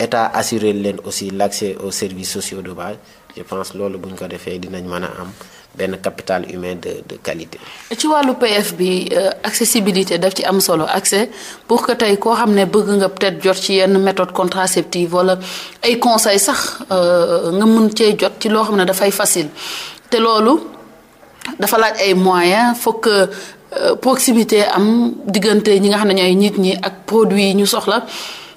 état assurer leen aussi l' au service services sociaux de base je pense loolu bu ñu ko defee dinañ mën a am benn capital humain de de qualité. ci wàllu PF bi euh, accessibilité daf ci am solo accès pour que tey koo xam ne bëgg nga peut jot ci yenn méthode contraceptive walla ay conseil sax euh, nga mun cee jot ci loo xam ne dafay facile te loolu dafa Euh, proximité am diggante ñi nga xam ne ñooy nit ñi ak produit yi ñu soxla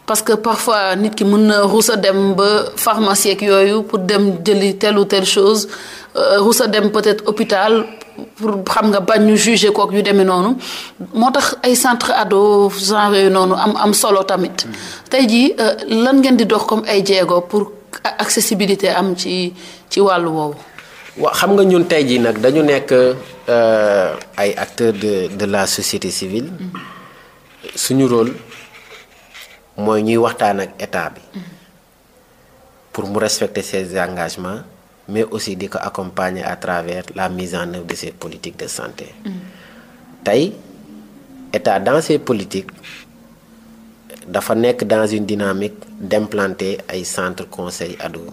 parce que parfois nit ki mën na a dem ba pharmacie ak yooyu pour dem jëli telle ou telle chose euh, rusa dem peut-être hôpital pour xam nga bañ ñu juger kook yu demee noonu moo tax ay centre ado genre yu noonu am am solo tamit. Mm-hmm. tey jii euh, lan ngeen di dox comme ay jéego pour accessibilité am ci ci wàllu woowu. waaw xam nga ñun tey jii nag dañu nekk euh, ay acteurs de de la société civile mm-hmm. suñu rôle mooy ñuy waxtaan ak état bi mm-hmm. pour mu respecter ses engagements mais aussi di ko accompagner à travers la mise en œuvre de ses politiques de santé mm-hmm. tey état dans ses politiques dafa nekk dans une dynamique d'implanter ay centre conseil ado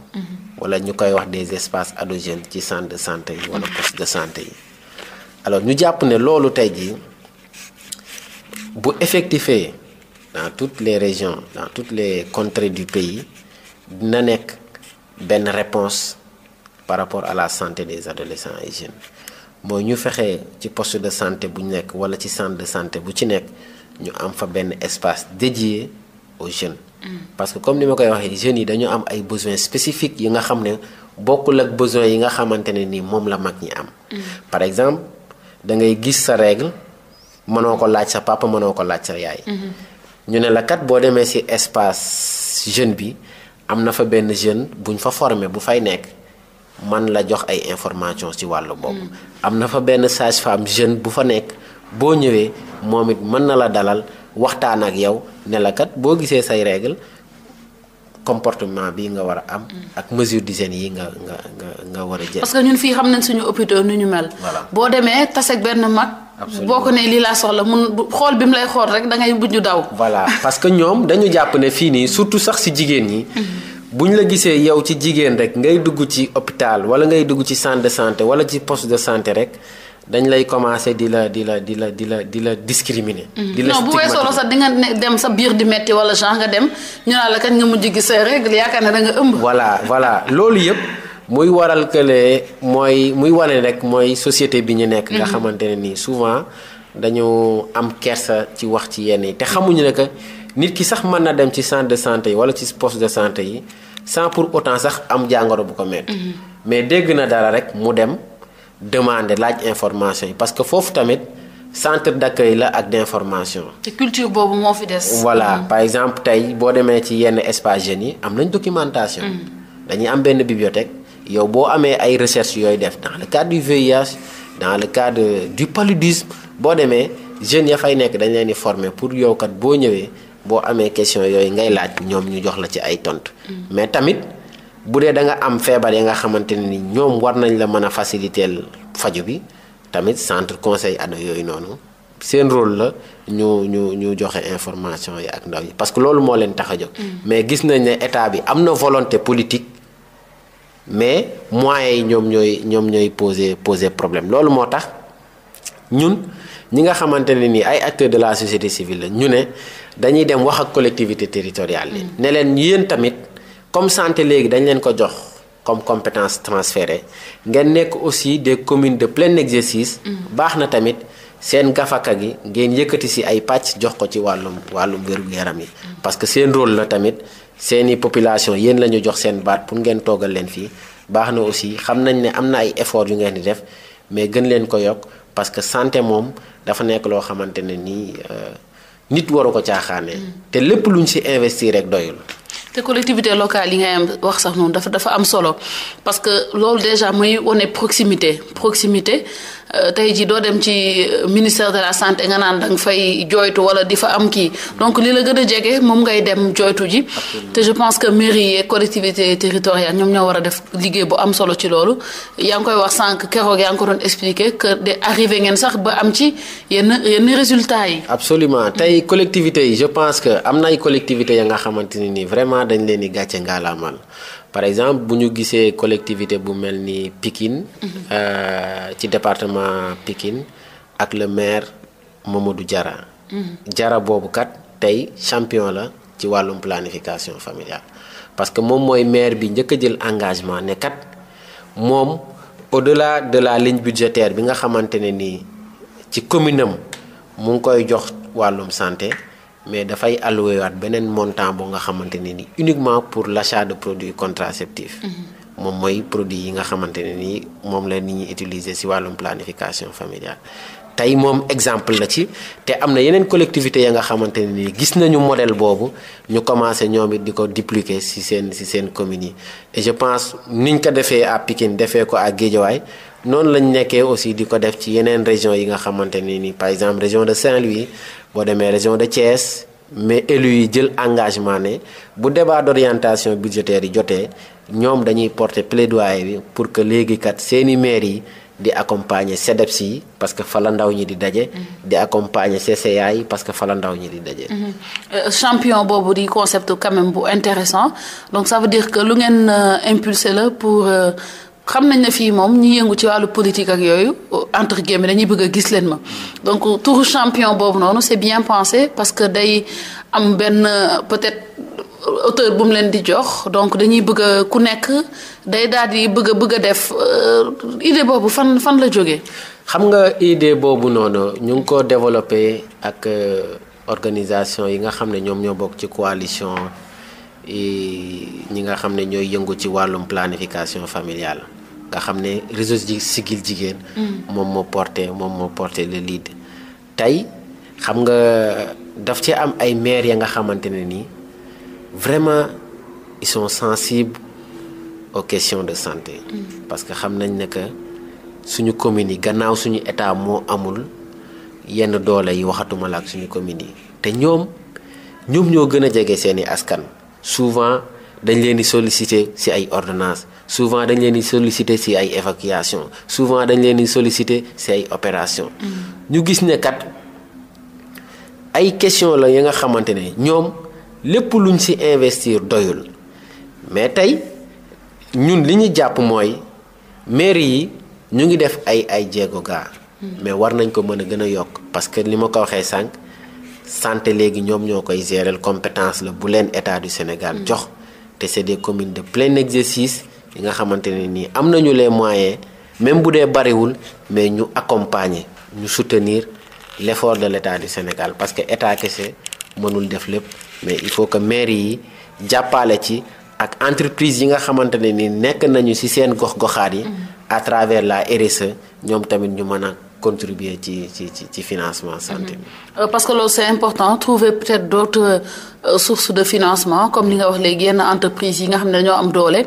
wala ñu koy wax des espaces endogènes ci centre de santé yi wala poste de santé yi alors ñu jàpp ne loolu tey jii bu effectifé dans toutes les régions dans toutes les contrées du pays dina nekk benn réponse par rapport à la santé des adolescents et jeunes mooy ñu fexe ci poste de santé bu ñu nekk wala ci centre de santé bu ci nekk ñu am fa benn espace dédié aux jeunes parce que comme ni ma koy waxee jeunes yi dañu am ay besoins spécifiques yi nga xam ne bokkul ak besoins yi nga xamante ne nii moom la mag ñi am. par exemple da ngay gis sa règle mënoo ko laaj sa papa mënoo ko laaj sa yaay. ñu ne la kat boo demee ci espace jeune bi am na fa benn jeune buñ fa formé bu fay nekk man la jox ay information ci wàllu boobu. Mm. am na fa benn sage-femme jeune bu fa nekk boo ñëwee moom it mën na la dalal. waxtaan ak yow ne la kat boo gisee say règle comportement bi nga war a am. Mm. ak mesure d'hygiène yi nga nga nga nga war a jël. parce que ñun fii xam nañ suñu hôpitaux nu ñu mel. voilà boo demee taseeg benn mag. boo ko nee lii laa soxla mun xool bi mu lay xool rek dangay ngay buñu daw. voilà parce que ñoom dañu jàpp ne fii nii surtout sax si jigéen ñi. Mm-hmm. buñ la gisee yow ci jigéen rek ngay dugg ci hôpital wala ngay dugg ci centre de santé wala ci poste de santé rek. dañ lay commencer di la di la di la di la di la discriminer. Mm-hmm. di la bu weesoo la sax di nga dem sa biir di metti wala genre nga dem ñu naan la kat nga mujj gis say règle yaakaar na da nga ëmb. voilà voilà loolu yëpp muy waral kële mooy muy wane rek mooy société bi ñu nekk. nga mm-hmm. xamante ne nii souvent dañu am kersa ci wax ci yenn yi te xamuñu ne que nit ki sax mën na dem ci centre de santé yi wala ci poste de santé yi san pour autant sax am jàngoro bu ko metti mm-hmm. demander laaj information yi parce que foofu tamit centre d'accueil la ak d'information. ci culture boobu moo fi des. voilà mm. par exemple tey boo demee ci yenn espage jeunes yi am nañ documentation. Mm. dañuy am benn bibliothèque yow boo amee ay recherche yooyu def dans le cadre du VIH dans le cadre du paludisme boo demee jeunes ya fay nekk dañ leen di former pour yow kat boo ñëwee boo amee question yooyu ngay laaj ñoom ñu jox la ci ay tontu. Mm. mais tamit. bu dee da nga am feebar yi nga xamante ne ni ñoom war nañ la mën a faciliter faju bi tamit centre conseil ad yooyu noonu seen rôle la ñu ñu ñu joxe information yi ak ndaw yi parce que loolu moo leen tax a jóg. Mm. mais gis nañ ne état bi am na volonté politique mais mois yi ñoom ñooy ñoom ñooy poser poser problème loolu moo tax ñun ñi nga xamante ne ni ay acteur de la société civile la ñu ne dañuy dem wax ak collectivité territoriale yi. Mm. ne leen yéen tamit. comme santé léegi dañ leen ko jox comme compétence transférée ngeen nekk aussi des commune de plein exercice. Mm. baax na tamit seen gafaka gi ngeen yëkkati si ay pàcc jox ko ci wàllum wàllum wérgu yaram yi. parce que seen rôle la tamit seeni population yéen la ñu jox seen baat pour ngeen toogal leen fii baax na aussi xam nañ ne am na ay effort yu ngeen di def mais gën leen ko yokk parce que santé moom dafa nekk loo xamante ne nii euh, nit waru ko caaxaanee. Mm. te lépp lu luñ si investir rek doyul. te collectivité locale yi ngay am wax sax noonu dafa dafa am solo parce que loolu déjà mooy wane proximité proximité euh, tey jii doo dem ci euh, ministère de la santé nga naan da fay jooytu wala di fa am kii donc li la gën a jege moom ngay dem jooytu ji. te je pense que mairie yeeg collectivité territoriale ñoom ñoo war a def liggéey bu am solo ci loolu. yaa ngi koy wax sànq keroog yaa ngi ko doon expliqué que de arrivé ngeen sax ba am ci yenn yenn résultats yi. absolument tey collectivité yi je pense que am na ay collectivité ya nga xamante ne nii vraiment. dañ leen di gàcce ngaalaamal par exemple bu ñu gisee collectivité bu mel ni Pikine mhm. euh, ci département Pikine ak le maire Mamadou Diarra jara mhm. boobu kat tey champion la ci wàllum planification familiale parce que moom mooy maire bi njëkk a jël engagement ne moom au-delà de la ligne budgétaire bi nga xamante ne nii ci commune am mu ngi koy jox wàllum santé mais dafay alloué waat beneen montant bu nga xamante ne ni uniquement pour l'achat de produits contraceptifs. Mhm. moom mooy produit yi nga xamante ne ni moom la ni ñu utiliser ci wàllum planification familiale. tey moom exemple la ci te am na yeneen collectivité ya nga xamante nii gis nañu modèle boobu ñu commencé ñoom it di ko dupliquer ci seen ci seen communes yi je pense niñ ko defee à defee ko à Guédiawaye noonu lañ nekkee aussi di ko def ci yeneen région yi nga xamante ni par exemple région de Saint-Louis boo demee région de Thiès mais élus yi jël engagement ne bu débat d'orientation budgétaire yi jotee ñoom dañuy porter plaidoyer bi pour que léegi kat seeni maires yi di accompagner CEDEPS yi parce que fa la ndaw ñi di daje. di accompagner CCA yi parce que fa la ndaw ñi di daje. Mm-hmm. Euh, champion boobu di concept quand même bu intéressant donc ça veut dire que lu ngeen euh, impulsé la pour. Euh... xam nañ ne fii moom ñi yëngu ci wàllu politique ak yooyu entre guillemets dañuy bëgg a gis leen ma donc turu champion boobu noonu c'est bien pensé parce que day am benn peut-être auteur bu mu leen di jox donc dañuy bëgg ku nekk day daal di bëgg a bëgg a def euh, idée boobu fan fan la jógee. xam nga idée boobu noonu ñu ngi ko développé ak euh, organisation yi nga xam ne ñoom ñoo bokk ci coalition ñi nga xam ne ñooy yëngu ci wàllum planification familiale. nga xam ne réseau ji sigil jigéen. Mm. moom moo porté moom moo porté le lead. tey xam nga daf ci am ay maires ya nga xamante ne nii vraiment ils sont sensibles aux questions de santé. Mm. parce que xam nañ ne que suñu communes yi gannaaw suñu état moo amul yenn doole yi waxatuma la ak suñu communes yi te ñoom ñoom ñoo gën a jege seeni askan. souvent dañ leen di solliciter ci ay ordonnances. souvent dañ leen di solliciter ci ay évacuation souvent dañ leen di solliciter ci ay opération mm. ñu gis ne kat ay question la ya nga xamante ne ñoom lépp luñ ci investir doyul mais tey ñun li ñu jàpp mooy mairie yi ñu ngi def ay ay jéego gaar mm. mais war nañ ko mën a gën a yokk parce que li ma ko waxee sànq sante léegi ñoom ñoo koy gérer compétence la bu leen état du Sénégal mm. jox te c'est des communes de plein exercice yi nga xamante ne nii am nañu les moyens même bu dee bariwul mais ñu accompagner ñu soutenir l'effort de l'état du Sénégal parce que état kese mënul def lépp mais il faut que mairie yi jàppale ci ak entreprise yi nga xamante ne ni nekk nañu ci seen gox-goxaat yi. à travers la RSE ñoom tamit ñu mën a contribuer ci ci ci financement santé bi. Mm -hmm. Euh, parce que loolu c'est important trouver peut-être d'autres euh, sources de financement comme li nga wax léegi yenn entreprise yi nga xam ne dañoo am doole.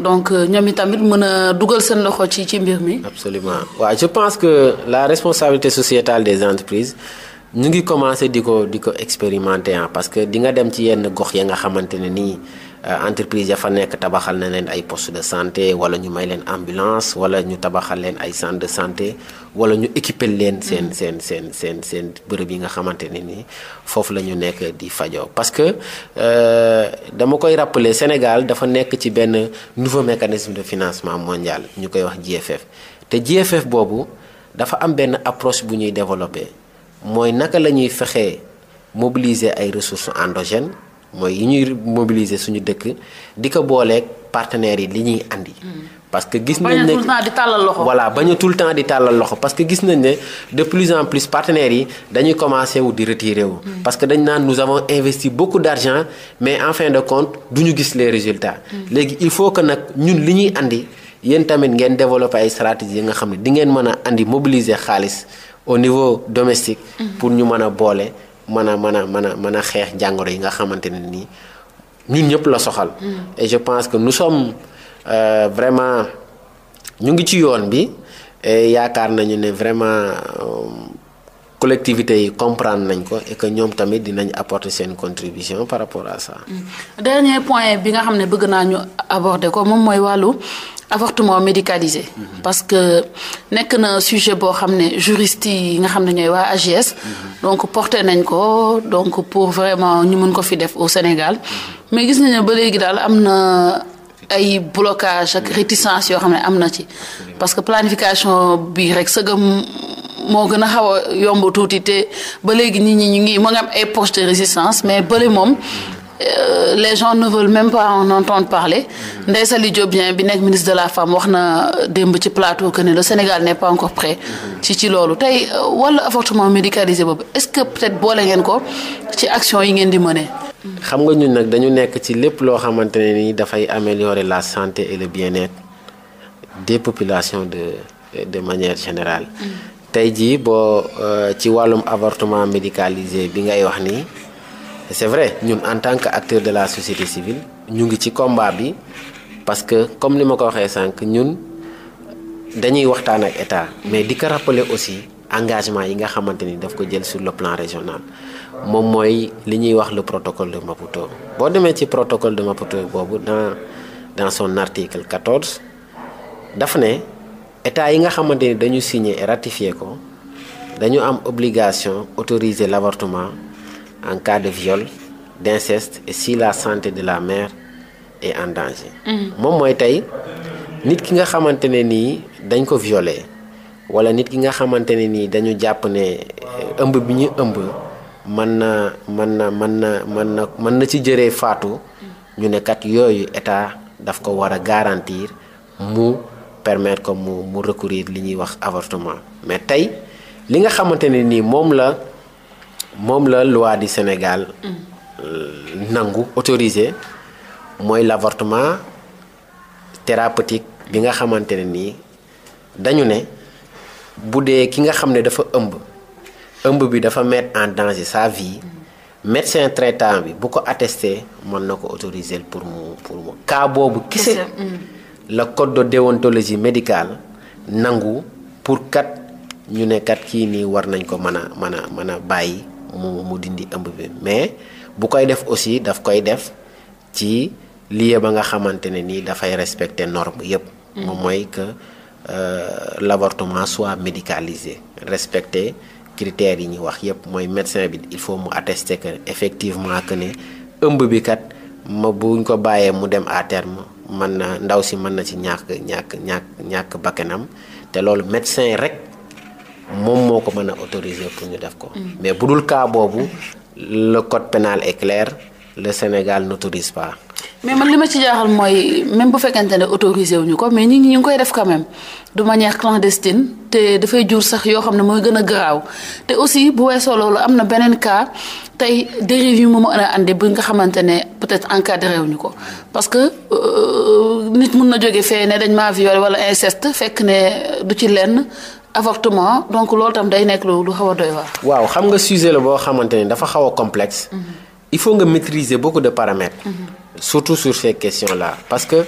donc euh, ñoom tamit mën a dugal seen loxo ci ci mbir mi. absolument waa je pense que la responsabilité sociétale des entreprises ñu ngi commencé di ko di ko expérimenter ah parce que di nga dem ci yenn gox ya nga xamante ne nii. Euh, entreprise ya fa nekk tabaxal na leen ay poste de santé wala ñu may leen ambulance wala ñu tabaxal leen ay centre de santé wala ñu équiper leen seen mm. seen seen seen seen bërëb yi nga xamante ne ni foofu la ñu nekk di fajoo parce que euh, dama koy rappeler Sénégal dafa nekk ci benn nouveau mécanisme de financement mondial ñu koy wax GFF te GFF boobu dafa am benn approche bu ñuy développé mooy naka la ñuy fexee mobiliser ay ressources endogènes mooy yu ñuy mobiliser suñu dëkk di ko booleek partenaires yi li ñuy indi hmm. parce que gis nañ ne bañ di tàllal loxo. voilà bañ a temps di tàllal loxo parce que gis nañ ne de plus en plus partenaires yi dañuy commencé wu di retirer wu. Hmm. parce que dañ naan nous avons investi beaucoup d'argent mais en fin de compte du ñu gis les résultat hmm. léegi il faut que nag ñun li ñuy indi yéen tamit ngeen développer ay stratégies yi nga xam ne di ngeen mën a andi mobiliser xaalis au niveau domestique. pour ñu mën a boole. mën a mën a mën a mën a xeex jàngoro yi nga xamante ne nii ñun ñëpp la soxal. Mm. et je pense que nous sommes euh, vraiment ñu ngi ci yoon bi et yaakaar nañu ne vraiment. Euh, collectivités yi comprendre nañ ko et que ñoom tamit dinañ apporter seen contribution par rapport à ça. Mm. dernier point bi nga xam ne bëgg naa ñu aborder ko moom mooy wàllu avortement médicalisé. Mm-hmm. parce que nekk na sujet boo xam ne juriste yi nga xam ne ñooy waa AGS. Mm-hmm. donc porté nañ ko donc pour vraiment ñu mën ko fi def au Sénégal. Mm-hmm. mais gis nañu ba léegi daal am na. ay blocage ak réticence yoo xam ne am na ci parce que planification bi rek sëgam moo gën a xaw yomb tuuti te ba léegi nit ñi ñu ngi mu am ay poches de résistance mais bële moom euh, les gens ne même pas en entendre parler mm. Ndeye Saly Diop Dieng bi nekk ministre de la femme wax na démb ci plateau que ne le Sénégal n'est pas encore prêt mm-hmm. ci ci loolu tey euh, wala avortement médicalisé boobu est-ce que peut-être boole ngeen ko ci action yi ngeen di mënee. xam nga ñun nag dañu nekk ci lépp loo xamante ne ni dafay améliorer la santé et le bien-être des de de manière générale. Mm. tey jii boo euh, ci wàllum avortement médicalisé bi ngay wax nii c'est vrai ñun en tant que acteur de la société civile ñu ngi ci combat bi parce que comme ni ma ko waxee sànq ñun dañuy waxtaan ak état mais di ko rappeler aussi engagement yi nga xamante ni daf ko jël sur le plan régional moom mooy li ñuy wax le protocole de Maputo boo demee ci protocole de boobu dans dans son article 14 ne état yi nga xamante ni dañu signer et ko dañu am obligation autoriser labortement en cas de viol d'inceste et si la santé de la mère est en danger mm-hmm. moom mooy tey nit ki nga xamante ne nii dañ ko violé wala nit ki nga xamante ne nii dañu jàpp ne eh, ëmb bi ñu ëmb mën na mën na mën na mën na mën na ci jëree faatu mm-hmm. ñu ne kat yooyu état daf ko war a garantir mu permettre ko mu mu recourir li ñuy wax avortement mais tey li nga xamante ne nii moom la moom la loi di Sénégal euh, nangu autorisé mooy l' avortement thérapeutique bi nga xamante ne nii dañu ne bu dee ki nga xam ne dafa ëmb ëmb bi dafa mettre en danger sa vie médecin traitant bi bu ko attesté mën na ko autoriser pour mu pour boobu kese mm. la code de déontologie médicale nangu pour kat ñu ne kat kii nii war nañ ko mën a mën a mën a bàyyi mu mu dindi ëmb bi mais bu koy def aussi daf koy def ci lieu ba nga xamante ne nii dafay respecter norme yépp mm. moom mooy que euh, l'avortement soit médicalisé respecter critères yi ñuy wax yépp mooy médecin bi il faut mu attester que effectivement que ne ëmb bi kat ma buñ ko bàyyee mu dem à mën na ndaw si mën na ci ñàkk ñàkk ñàkk ñàkk bakkanam te loolu médecin rek moom moo ko mën a autoriser pour ñu def ko. Mm. mais bu dul kaa boobu le code pénal est clair le Sénégal n'autorise pas. mais man li ma ci jaaxal mooy même bu fekkente ne autorisé wuñu ko mais nit ñi ñu ngi koy def quand même de manière clandestine te dafay jur sax yoo xam ne mooy gën a garaaw te aussi bu weesoo loolu am na beneen cas tey dérive yi mu mën a andi bi nga xamante ne peut-être encadré wuñu ko parce que euh, nit mun na jóge fee ne dañ maa violé wala inceste fekk ne du ci lenn avortement donc loolu tam day nekk lu xaw doy waar. waaw xam nga sujet la boo xamante ne dafa xaw a complexe. Mm-hmm. il faut nga maîtriser beaucoup de paramètres. Mm-hmm. surtout sur ces questions la parce que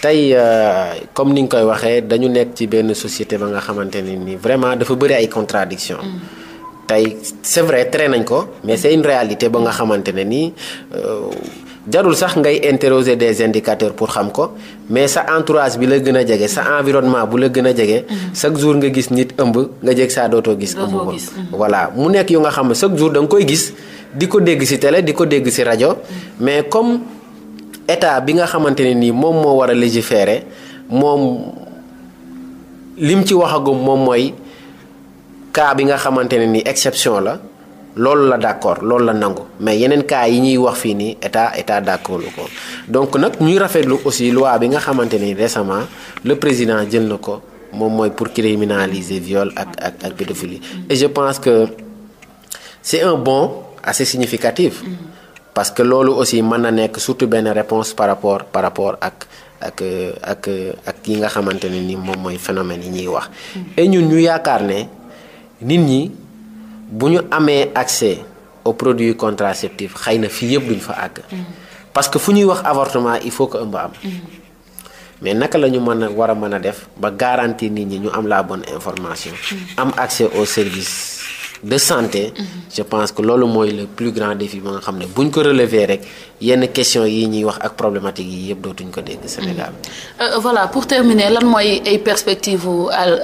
tey euh, comme ni nga koy waxee dañu nekk ci benn société ba nga xamante ne ni vraiment dafa bëri ay contradiction mm-hmm. tey c'est vrai tere nañ ko mais c'est une réalité ba nga xamante ne nii euh, jarul sax ngay interroger des indicateurs pour xam ko mais sa entourage bi la gën a jege sa environnement bu la gën a jege. Mm-hmm. chaque jour nga gis nit ëmb nga jeg saa dootoo gis. ëmb ko voilà mu nekk yu nga xam ne chaque jour da nga koy gis. di ko dégg si télé di ko dégg si rajo mais comme état bi nga xamante ne nii moom moo war a légiférer moom lim ci waxagum moom mooy cas bi nga xamante ne nii exception la loolu la d'accord loolu la nangu mais yeneen cas yi ñuy wax fii nii état état d'accord lu ko donc nag ñuy rafetlu aussi loi bi nga xamante ni récemment le président jël na ko moom mooy pour criminaliser viol ak ak ak et je pense que c'est un bon assez significative. Mm-hmm. parce que loolu aussi mën na nekk surtout benn réponse par rapport par rapport ak ak ak ak yi nga xamante ne ni moom mooy phénomène yi ñuy wax. Mm-hmm. et ñu yaakaar ne nit ñi bu ñu amee accès aux produits contraceptifs xëy na fii yëpp duñ fa àgg. Mm-hmm. parce que fu ñuy wax avortement il faut que ëmb am. mais naka lañu mën a war a mën a def ba garantir nit ñi ñu am la bonne information. am accès au service. de santé. je pense que loolu mooy le plus grand défi ba nga xam ne bu ñu ko relever rek yenn question yi ñuy wax ak problématique yi yëpp dootuñ ko dégg Sénégal. Euh, euh, voilà pour terminer lan mooy ay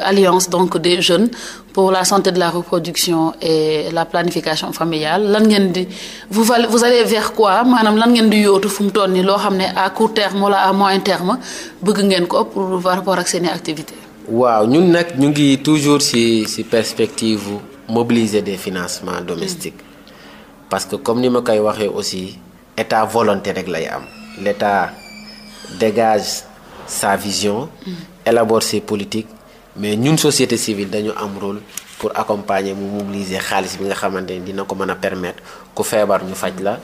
alliance donc des jeunes pour la santé de la reproduction et la planification familiale lan ngeen di vous vous allez vers quoi maanaam lan ngeen di yootu fu mu toll nii loo xam ne à court terme wala à moyen terme bëgg ngeen ko pour rapport ak seeni activité activités. waaw ñun nag ñu ngi toujours ci ci perspective. mobiliser des financements domestiques parce que comme ni ma koy waxee aussi état volonté rek lay am l'état dégage sa vision mm. élabor ses politique mais ñun société civile dañu am rôle pour accompagner mu mobiliser xaalis bi nga xamante ni dina ko mën a permettre ku feebar ñu faj la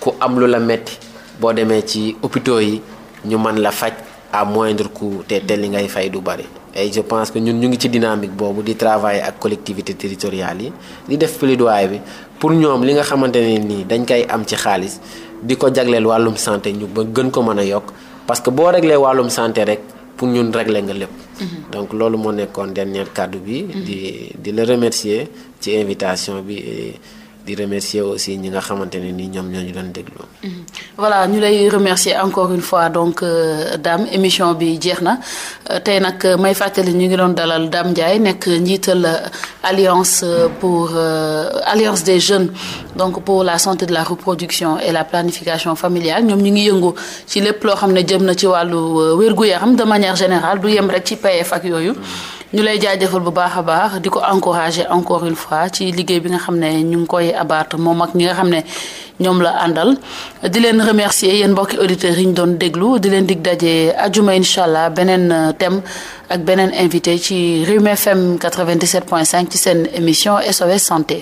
ku am lu la metti boo demee ci hôpitaux yi ñu mën la faj à moindre coût te te li ngay fay du bari. et je pense que ñun ñu ngi ci dynamique boobu di travailler ak collectivité territoriale yi di def plaidoyer bi pour ñoom li nga xamante ne nii dañ koy am ci xaalis di ko jagleel wàllum santé ñu ba gën ko mën a yokk parce que boo réglé wàllum santé rek pour ñun réglé nga lépp. Mm-hmm. donc loolu moo nekkoon dernier kàddu bi. di di la remercier ci invitation bi. di remercier aussi ñi nga xamante ne ni ñoom ñoo ñu doon déglu. Mhm. voilà ñu lay remercier encore une fois donc euh, daam émission bi jeex na euh, tey nag euh, may fàttali ñu ngi doon dalal Dame Ndiaye nekk njiital alliance pour alliance des jeunes donc pour la santé de la reproduction et la planification familiale ñoom ñu ngi yëngu ci lépp loo xam ne jëm na ci wàllu wér-gu-yaram de manière générale du yem rek ci PF ak yooyu. ñu lay jaajëfal bu baax a baax di ko encourager encore une fois ci liggéey bi nga xam ne ñu ngi koy abaat moom ak ñi nga xam ne ñoom la àndal di leen remercier yéen mbokki auditeurs yi ñu doon déglu di leen dig daje ajuma incha allah beneen euh, thème ak beneen invité ci Rewmi FM 97.5 ci seen émission SOS santé.